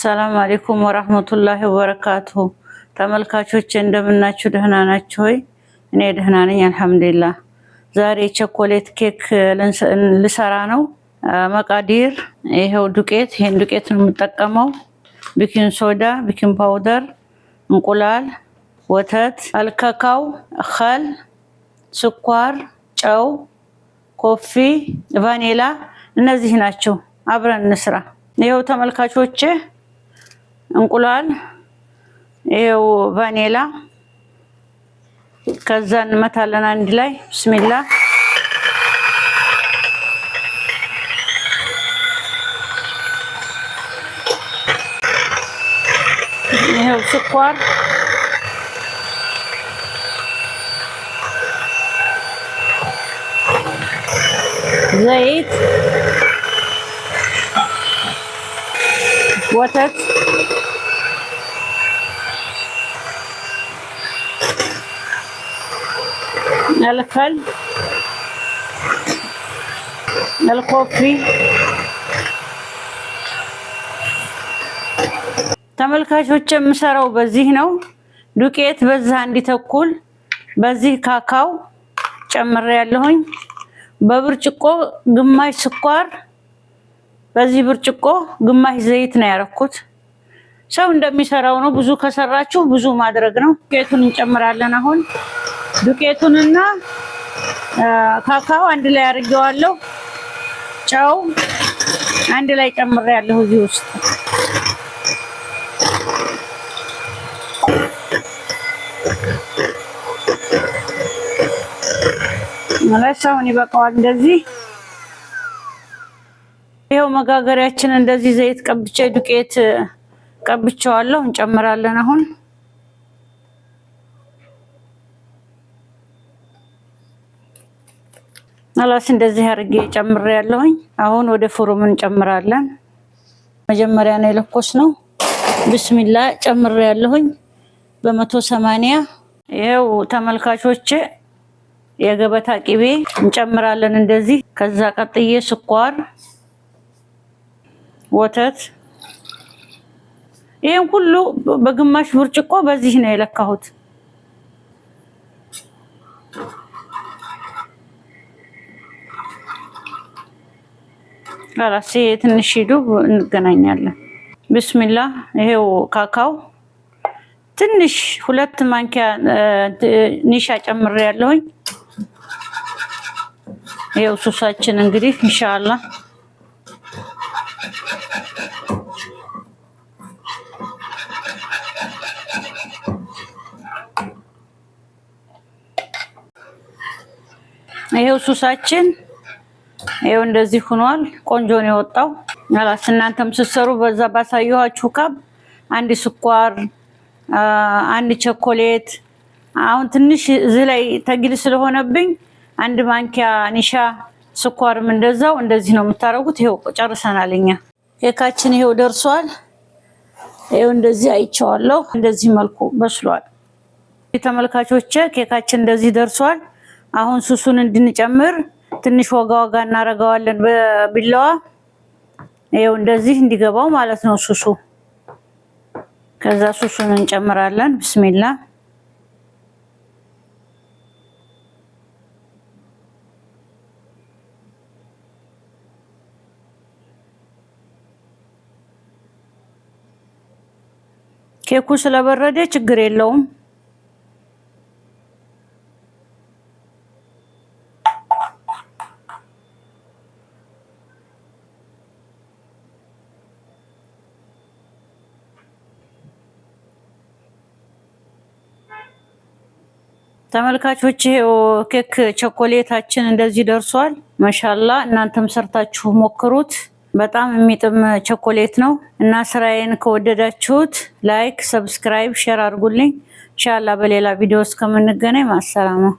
ሰላም አሌይኩም ወራህመቱላሂ ወበረካቱሁ። ተመልካቾች እንደምናችሁ ደህና ናችሁ ሆይ? እኔ ደህና ነኝ አልሐምዱሊላህ። ዛሬ ቸኮሌት ኬክ ልሰራ ነው። መቃዲር ይሄው ዱቄት፣ ይሄን ዱቄት ነው የምጠቀመው። ቢኪን ሶዳ፣ ቢኪን ፓውደር፣ እንቁላል፣ ወተት፣ አልከካው፣ ኸል፣ ስኳር፣ ጨው፣ ኮፊ፣ ቫኒላ እነዚህ ናቸው። አብረን እንስራ። ይኸው ተመልካቾቼ እንቁላል፣ ይኸው ቫኔላ ከዛ እንመታለን አንድ ላይ ብስሚላ። ይኸው ስኳር ዘይት ወተት الكل الكوفي ተመልካቾች የምሰራው በዚህ ነው። ዱቄት በዛ እንዲተኩል በዚህ ካካው ጨምሬ ያለሁኝ በብርጭቆ ግማሽ ስኳር፣ በዚህ ብርጭቆ ግማሽ ዘይት ነው ያረኩት። ሰው እንደሚሰራው ነው። ብዙ ከሰራችሁ ብዙ ማድረግ ነው። ዱቄቱን እንጨምራለን አሁን ዱቄቱንና ካካው አንድ ላይ አድርጌዋለሁ። ጨው አንድ ላይ ጨምሬያለሁ እዚህ ውስጥ ማለት አሁን ይበቃዋል። እንደዚህ ይኸው መጋገሪያችን እንደዚህ ዘይት ቀብቼ ዱቄት ቀብቼዋለሁ። እንጨምራለን አሁን አላስ እንደዚህ አድርጌ ጨምሬ ያለሁኝ። አሁን ወደ ፎርም እንጨምራለን። መጀመሪያ ነው የለኮስ ነው። ብስሚላ ጨምሬ ያለሁኝ በመቶ ሰማንያ ይኸው ተመልካቾች የገበታ ቅቤ እንጨምራለን እንደዚህ። ከዛ ቀጥዬ ስኳር፣ ወተት ይህን ሁሉ በግማሽ ብርጭቆ በዚህ ነው የለካሁት። ላስ ትንሽ ሂዱ እንገናኛለን። ብስሚላ ይሄው ካካው ትንሽ ሁለት ማንኪያ ኒሻ ጨምሬ ያለሁኝ። ይሄው ሱሳችን እንግዲህ እንሻላ ይሄው ሱሳችን ይኸው እንደዚህ ሆኗል። ቆንጆ ነው የወጣው። አላስ እናንተም ስትሰሩ በዛ ባሳየኋችሁ ካብ አንድ ስኳር፣ አንድ ቸኮሌት። አሁን ትንሽ እዚህ ላይ ተግል ስለሆነብኝ አንድ ማንኪያ ኒሻ ስኳርም እንደዛው እንደዚህ ነው የምታደርጉት። ይኸው ጨርሰናል እኛ ኬካችን ይኸው ደርሷል። ይኸው እንደዚህ አይቼዋለሁ። እንደዚህ መልኩ በስሏል። ተመልካቾቼ ኬካችን እንደዚህ ደርሷል። አሁን ሱሱን እንድንጨምር ትንሽ ወጋ ወጋ እናደርገዋለን በቢላዋ። ይኸው እንደዚህ እንዲገባው ማለት ነው ሱሱ። ከዛ ሱሱን እንጨምራለን። ብስሚላ ኬኩ ስለበረደ ችግር የለውም። ተመልካቾች ይሄው ኬክ ቸኮሌታችን እንደዚህ ደርሷል። ማሻላ እናንተም ሰርታችሁ ሞክሩት። በጣም የሚጥም ቸኮሌት ነው እና ስራዬን ከወደዳችሁት ላይክ፣ ሰብስክራይብ፣ ሼር አድርጉልኝ። ሻላ በሌላ ቪዲዮ እስከምንገናኝ ማሰላማ